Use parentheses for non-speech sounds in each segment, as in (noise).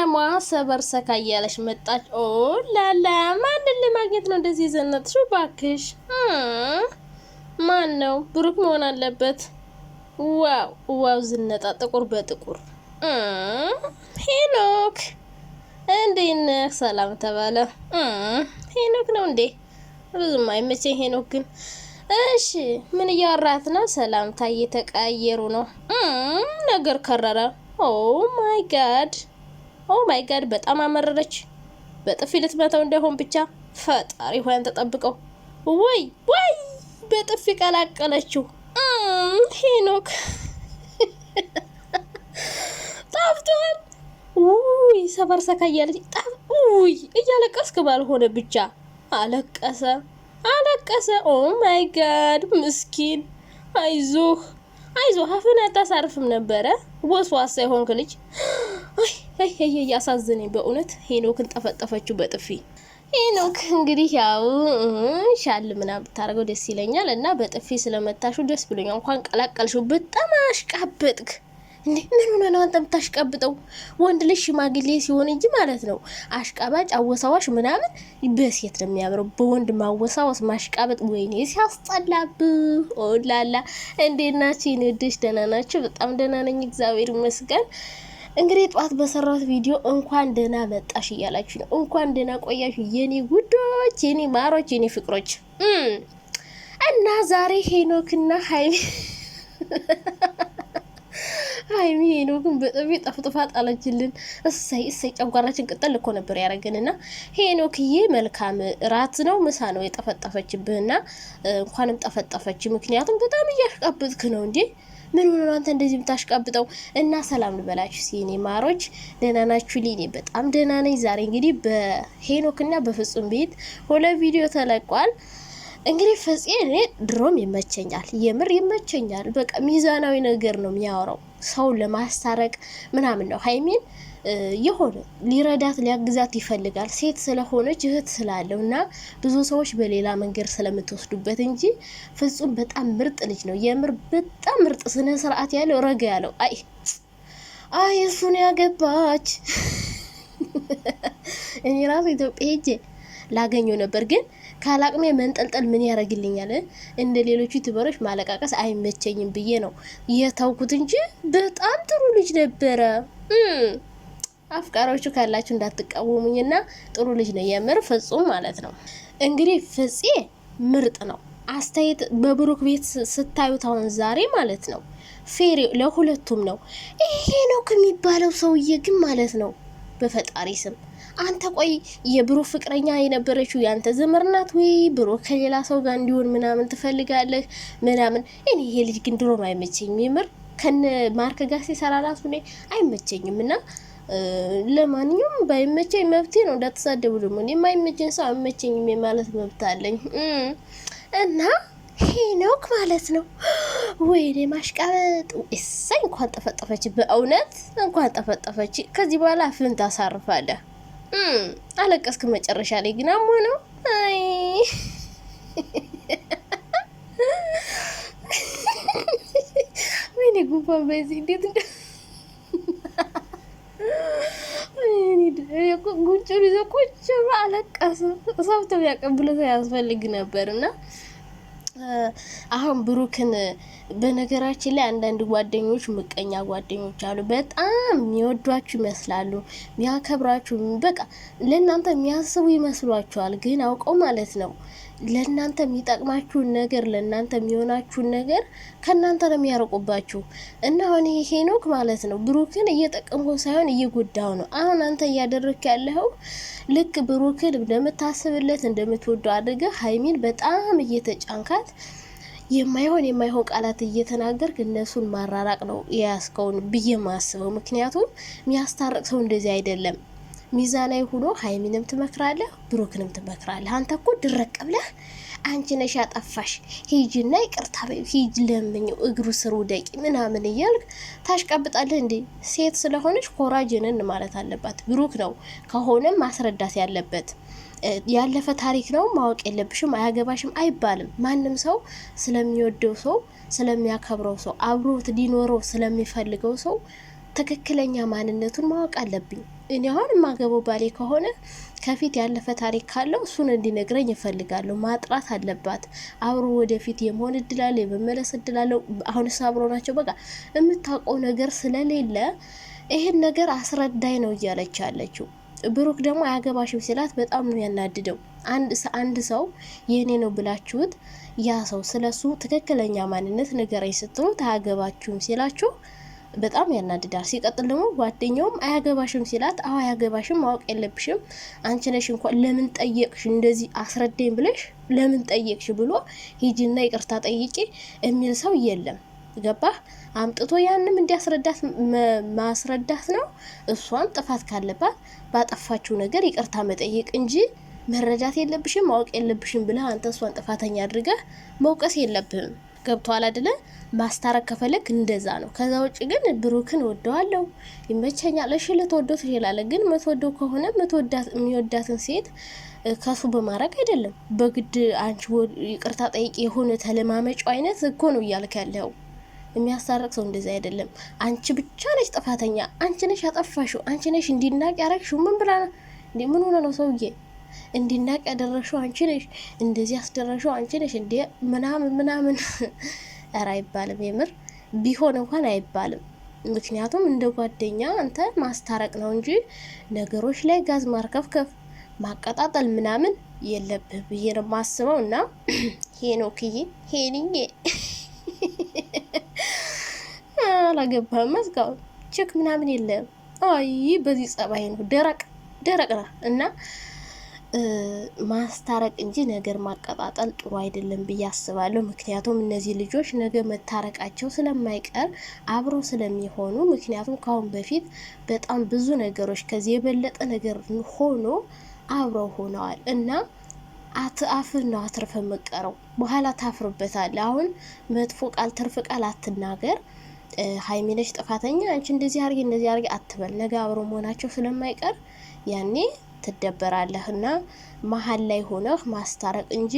ሰላሟ ሰበር ሰካ እያለች መጣች። ኦ ላላ ማንን ለማግኘት ነው እንደዚህ የዘነጥሽው? እባክሽ ማን ነው? ብሩክ መሆን አለበት። ዋው ዋው! ዝነጣ ጥቁር በጥቁር ሄኖክ እንዴ ነህ? ሰላም ተባለ። ሄኖክ ነው እንዴ? ብዙም አይመቸኝ ሄኖክ ግን። እሺ ምን እያወራት ነው? ሰላምታ እየተቀያየሩ ነው። ነገር ከረረ። ኦ ማይ ጋድ ኦ ማይ ጋድ በጣም አመረረች። በጥፊ ልትመታው እንዳይሆን ብቻ ፈጣሪ ሆያን ተጠብቀው። ወይ ወይ በጥፊ ቀላቀለችው። ሄኖክ ጣፍቷል። (laughs) ውይ ሰፈር ሰካ እያለች ጣፍ ውይ እያለቀስክ ባልሆነ ብቻ አለቀሰ አለቀሰ። ኦ ማይ ጋድ ምስኪን። አይዞህ አይዞህ አፍን አታሳርፍም ነበረ ወስዋሳ የሆንክ ልጅ (gasps) ይሄ ያሳዝነኝ በእውነት ሄኖክን ጠፈጠፈችው በጥፊ። ሄኖክ እንግዲህ ያው ሻል ምናምን ብታደርገው ደስ ይለኛል እና በጥፊ ስለመታሹ ደስ ብሎኛል። እንኳን ቀላቀልሽው። በጣም አሽቃበጥክ። እንዴ ምን ሆነ ነው አንተ የምታሽቃብጠው? ወንድ ልጅ ሽማግሌ ሲሆን እንጂ ማለት ነው አሽቃባጭ፣ አወሳዋሽ ምናምን በሴት ነው የሚያምረው። በወንድ ማወሳዋስ ማሽቃበጥ ወይኔ ሲያስጠላብ። ኦላላ እንዴት ናችሁ የኔ ደህና ናችሁ? በጣም ደህና ነኝ፣ እግዚአብሔር ይመስገን። እንግዲህ ጠዋት በሰራሁት ቪዲዮ እንኳን ደህና መጣሽ እያላችሁ ነው። እንኳን ደህና ቆያችሁ የኔ ጉዶች፣ የኔ ማሮች፣ የኔ ፍቅሮች እና ዛሬ ሄኖክና ሀይሚ ሀይሚ ነው ግን በጥፊ ጠፍጥፋ ጣለችልን። እሰይ እሰይ፣ ጨጓራችን ቅጠል እኮ ነበር ያደረገንና ሄኖክዬ መልካም ራት ነው ምሳ ነው የጠፈጠፈችብህና እንኳንም ጠፈጠፈች። ምክንያቱም በጣም እያሽቃብጥክ ነው እንዴ ምን ሆኖ አንተ እንደዚህ የምታሽቃብጠው? እና ሰላም ልበላችሁ ሲኔ ማሮች ደህና ናችሁ? ሊኔ በጣም ደህና ነኝ። ዛሬ እንግዲህ በሄኖክና በፍጹም ቤት ሁለት ቪዲዮ ተለቋል። እንግዲህ ፍፄ እኔ ድሮም ይመቸኛል፣ የምር ይመቸኛል። በቃ ሚዛናዊ ነገር ነው የሚያወራው፣ ሰው ለማስታረቅ ምናምን ነው። ሀይሚን የሆነ ሊረዳት ሊያግዛት ይፈልጋል፣ ሴት ስለሆነች እህት ስላለው እና ብዙ ሰዎች በሌላ መንገድ ስለምትወስዱበት እንጂ ፍጹም በጣም ምርጥ ልጅ ነው። የምር በጣም ምርጥ ስነ ስርዓት ያለው ረጋ ያለው። አይ አይ እሱን ያገባች (laughs) እኔ ራሱ ኢትዮጵያ ሄጄ ላገኘው ነበር ግን ካላቅሜ መንጠልጠል ምን ያደርግልኛል? እንደ ሌሎቹ ዩቱበሮች ማለቃቀስ አይመቸኝም ብዬ ነው የተውኩት እንጂ በጣም ጥሩ ልጅ ነበረ። አፍቃሪዎቹ ካላችሁ እንዳትቃወሙኝና ጥሩ ልጅ ነው የምር ፍጹም ማለት ነው። እንግዲህ ፍፄ ምርጥ ነው። አስተያየት በብሩክ ቤት ስታዩት አሁን ዛሬ ማለት ነው ፌሪ ለሁለቱም ነው። ይሄ ነው ከሚባለው ሰውዬ ግን ማለት ነው በፈጣሪ ስም አንተ ቆይ የብሩ ፍቅረኛ የነበረችው ያንተ ዘመድ ናት ወይ? ብሩክ ከሌላ ሰው ጋር እንዲሆን ምናምን ትፈልጋለህ ምናምን። እኔ ይሄ ልጅ ግን ድሮም አይመቸኝም የምር ከነ ማርክ ጋር ሲሰራ ራሱ እኔ አይመቸኝም እና ለማንኛውም ባይመቸኝ መብቴ ነው። እንዳትሳደቡ ደግሞ እኔ የማይመቸኝ ሰው አይመቸኝም የማለት መብት አለኝ እና ሄኖክ ማለት ነው። ወይኔ ማሽቃበጥ! እሰይ እንኳን ጠፈጠፈች፣ በእውነት እንኳን ጠፈጠፈች። ከዚህ በኋላ ፍን ታሳርፋለህ። አለቀስክ መጨረሻ ላይ ግን አሞ ነው። አይ ወይኔ ጉንፋን በዚህ እንዴት እንደ ጉንጩን ይዘው ቁጭ አለቀሰ። ሰብተው ያቀብለሰ ያስፈልግ ነበር እና አሁን ብሩክን በነገራችን ላይ አንዳንድ ጓደኞች ምቀኛ ጓደኞች አሉ። በጣም የሚወዷችሁ ይመስላሉ፣ የሚያከብራችሁ በቃ ለእናንተ የሚያስቡ ይመስሏችኋል። ግን አውቀው ማለት ነው ለእናንተ የሚጠቅማችሁን ነገር ለእናንተ የሚሆናችሁን ነገር ከእናንተ ነው የሚያርቁባችሁ። እና አሁን ይሄ ሄኖክ ማለት ነው ብሩክን እየጠቀምከው ሳይሆን እየጎዳው ነው። አሁን አንተ እያደረግክ ያለኸው ልክ ብሩክን እንደምታስብለት እንደምትወደው አድርገህ ሀይሚን በጣም እየተጫንካል ቃላት የማይሆን የማይሆን ቃላት እየተናገርክ እነሱን ማራራቅ ነው የያዝከውን ብዬ ማስበው። ምክንያቱም የሚያስታርቅ ሰው እንደዚህ አይደለም። ሚዛናዊ ሁኖ ሀይሚንም ትመክራለህ፣ ብሩክንም ትመክራለህ። አንተ እኮ ድረቅ ብለህ አንቺ ነሽ ያጠፋሽ፣ ሂጅና ይቅርታ ሂጅ ለምኝው፣ እግሩ ስር ውደቂ ምናምን እያልክ ታሽቀብጣለህ እንዴ? ሴት ስለሆነች ኮራጅንን ማለት አለባት። ብሩክ ነው ከሆነም ማስረዳት ያለበት ያለፈ ታሪክ ነው፣ ማወቅ የለብሽም፣ አያገባሽም አይባልም። ማንም ሰው ስለሚወደው ሰው ስለሚያከብረው ሰው አብሮት ሊኖረው ስለሚፈልገው ሰው ትክክለኛ ማንነቱን ማወቅ አለብኝ። እኔ አሁን የማገበው ባሌ ከሆነ ከፊት ያለፈ ታሪክ ካለው እሱን እንዲነግረኝ እፈልጋለሁ። ማጥራት አለባት። አብሮ ወደፊት የመሆን እድላለ የመመለስ እድል አሁንስ አብሮ ናቸው። በቃ የምታውቀው ነገር ስለሌለ ይህን ነገር አስረዳኝ ነው እያለች ያለችው። ብሩክ ደግሞ አያገባሽም ሲላት በጣም ነው ያናድደው። አንድ ሰው የእኔ ነው ብላችሁት ያ ሰው ስለሱ ትክክለኛ ማንነት ንገረኝ ስትሉት አያገባችሁም ሲላችሁ በጣም ያናድዳል። ሲቀጥል ደግሞ ጓደኛውም አያገባሽም ሲላት፣ አዎ አያገባሽም፣ ማወቅ የለብሽም አንቺ ነሽ እንኳን ለምን ጠየቅሽ፣ እንደዚህ አስረዳኝ ብለሽ ለምን ጠየቅሽ ብሎ ሂጂና ይቅርታ ጠይቂ የሚል ሰው የለም። ገባህ? አምጥቶ ያንም እንዲያስረዳት ማስረዳት ነው። እሷም ጥፋት ካለባት ባጠፋችው ነገር ይቅርታ መጠየቅ እንጂ መረዳት የለብሽም ማወቅ የለብሽም ብለህ አንተ እሷን ጥፋተኛ አድርገህ መውቀስ የለብህም። ገብቶሃል አይደለ? ማስታረቅ ከፈለግ እንደዛ ነው። ከዛ ውጭ ግን ብሩክን ወደዋለሁ፣ ይመቸኛል። እሺ ልትወደው ትችላለህ፣ ግን ምትወደው ከሆነ የሚወዳትን ሴት ከሱ በማድረግ አይደለም። በግድ አንቺ ይቅርታ ጠይቂ የሆነ ተለማመጩ አይነት እኮ ነው እያልክ ያለው። የሚያሳርቅ ሰው እንደዚህ አይደለም። አንቺ ብቻ ነሽ ጥፋተኛ፣ አንቺ ነሽ ያጠፋሽው፣ አንቺ ነሽ እንዲናቅ ያረግሽው። ምን ብላ እንዴ? ምን ሆነ ነው ሰውዬ? እንዲናቅ ያደረግሽው አንቺ ነሽ፣ እንደዚህ ያስደረግሽው አንቺ ነሽ እንዴ ምናምን ምናምን። (laughs) ኧረ አይባልም፣ የምር ቢሆን እንኳን አይባልም። ምክንያቱም እንደ ጓደኛ አንተ ማስታረቅ ነው እንጂ ነገሮች ላይ ጋዝ ማርከፍከፍ ማቀጣጠል ምናምን የለብህ ብዬ ነው የማስበው እና (clears throat) ሄኖክዬ ሄንዬ ካላገባህም መዝጋው ቼክ ምናምን የለም። አይ በዚህ ጸባይ ነው ደረቅ ደረቅ ና እና ማስታረቅ እንጂ ነገር ማቀጣጠል ጥሩ አይደለም ብዬ አስባለሁ። ምክንያቱም እነዚህ ልጆች ነገ መታረቃቸው ስለማይቀር አብረው ስለሚሆኑ፣ ምክንያቱም ከአሁን በፊት በጣም ብዙ ነገሮች ከዚህ የበለጠ ነገር ሆኖ አብረው ሆነዋል እና አትአፍር ነው አትርፈ መቀረው በኋላ ታፍርበታል። አሁን መጥፎ ቃል ትርፍ ቃል አትናገር። ሀይሚነሽ ጥፋተኛ አንቺ እንደዚህ አርጊ እንደዚህ አርጊ አትበል። ነገ አብሮ መሆናቸው ስለማይቀር ያኔ ትደበራለህ እና መሀል ላይ ሆነህ ማስታረቅ እንጂ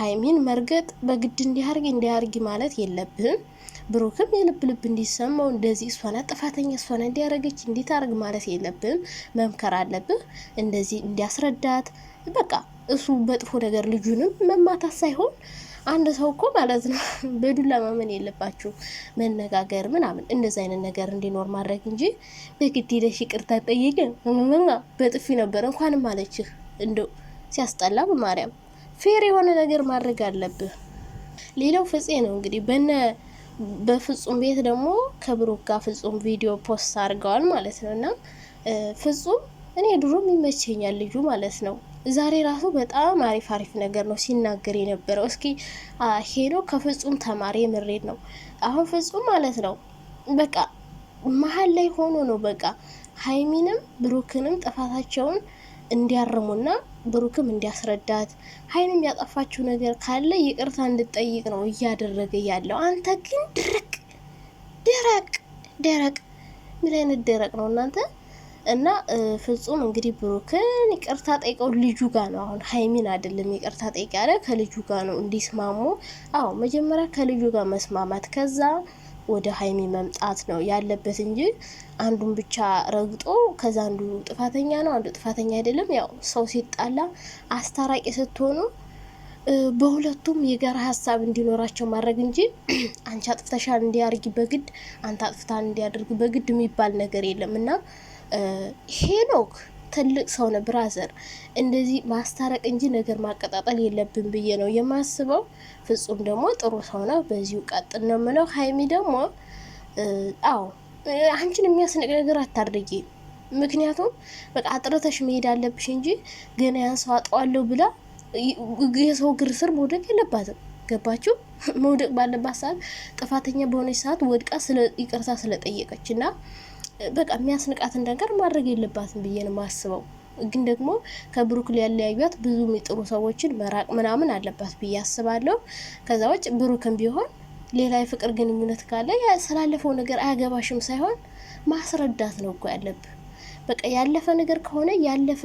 ሀይሚን መርገጥ በግድ እንዲያርግ እንዲያርግ ማለት የለብህም። ብሩክም የልብ ልብ እንዲሰማው እንደዚህ እሷና ጥፋተኛ እሷና እንዲያረገች እንዲታርግ ማለት የለብህም። መምከር አለብህ፣ እንደዚህ እንዲያስረዳት በቃ እሱ በጥፎ ነገር ልጁንም መማታት ሳይሆን አንድ ሰው እኮ ማለት ነው (laughs) በዱላ ማመን የለባችሁ። መነጋገር ምናምን እንደዚህ አይነት ነገር እንዲኖር ማድረግ እንጂ በግድ ሄደሽ ይቅርታ ጠይቅ በጥፊ ነበር እንኳንም አለችህ። እንደ ሲያስጠላ በማርያም ፌር የሆነ ነገር ማድረግ አለብህ። ሌላው ፍፄ ነው እንግዲህ በነ በፍጹም ቤት ደግሞ ከብሩክ ጋር ፍጹም ቪዲዮ ፖስት አድርገዋል ማለት ነው እና ፍጹም እኔ ድሮም ይመቸኛል ልጁ ማለት ነው ዛሬ ራሱ በጣም አሪፍ አሪፍ ነገር ነው ሲናገር የነበረው። እስኪ ሄዶ ከፍጹም ተማሪ ምሬድ ነው። አሁን ፍጹም ማለት ነው በቃ መሀል ላይ ሆኖ ነው በቃ ሀይሚንም ብሩክንም ጥፋታቸውን እንዲያርሙና ብሩክም እንዲያስረዳት ሀይሚም ያጠፋችው ነገር ካለ ይቅርታ እንድጠይቅ ነው እያደረገ ያለው። አንተ ግን ድረቅ ደረቅ ደረቅ ምን አይነት ደረቅ ነው እናንተ? እና ፍጹም እንግዲህ ብሩክን ይቅርታ ጠይቀው ልጁ ጋ ነው። አሁን ሀይሚን አይደለም ይቅርታ ጠይቅ ያለ ከልጁ ጋር ነው እንዲስማሙ። አዎ መጀመሪያ ከልጁ ጋር መስማማት ከዛ ወደ ሀይሚ መምጣት ነው ያለበት እንጂ አንዱን ብቻ ረግጦ ከዛ አንዱ ጥፋተኛ ነው፣ አንዱ ጥፋተኛ አይደለም። ያው ሰው ሲጣላ አስታራቂ ስትሆኑ በሁለቱም የጋራ ሀሳብ እንዲኖራቸው ማድረግ እንጂ አንቺ አጥፍተሻል እንዲያርጊ በግድ አንተ አጥፍታል እንዲያደርግ በግድ የሚባል ነገር የለም እና ሄኖክ ትልቅ ሰው ነው ብራዘር። እንደዚህ ማስታረቅ እንጂ ነገር ማቀጣጠል የለብን ብዬ ነው የማስበው። ፍጹም ደግሞ ጥሩ ሰው ነው። በዚሁ ቀጥል ነው የምለው። ሀይሚ ደግሞ አዎ አንቺን የሚያስንቅ ነገር አታድርጊ። ምክንያቱም በቃ አጥረተሽ መሄድ አለብሽ እንጂ ገና ያን ሰው አጠዋለሁ ብላ የሰው እግር ስር መውደቅ የለባትም። ገባችሁ? መውደቅ ባለባት ሰዓት ጥፋተኛ በሆነች ሰዓት ወድቃ ይቅርታ ስለጠየቀች እና በቃ የሚያስንቃትን ነገር ማድረግ የለባትም ብዬ ነው ማስበው። ግን ደግሞ ከብሩክ ሊያለያዩት ብዙ የሚጥሩ ሰዎችን መራቅ ምናምን አለባት ብዬ አስባለሁ። ከዛ ውጭ ብሩክም ቢሆን ሌላ የፍቅር ግንኙነት ካለ ስላለፈው ነገር አያገባሽም ሳይሆን ማስረዳት ነው እኮ ያለብ በቃ ያለፈ ነገር ከሆነ ያለፈ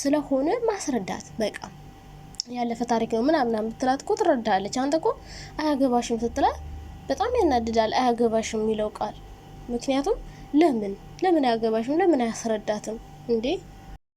ስለሆነ ማስረዳት በቃ ያለፈ ታሪክ ነው ምናምን ምትላት እኮ ትረዳለች። አንተ እኮ አያገባሽም ስትላት በጣም ያናድዳል፣ አያገባሽም የሚለው ቃል ምክንያቱም ለምን ለምን አያገባሽም? ለምን አያስረዳትም እንዴ?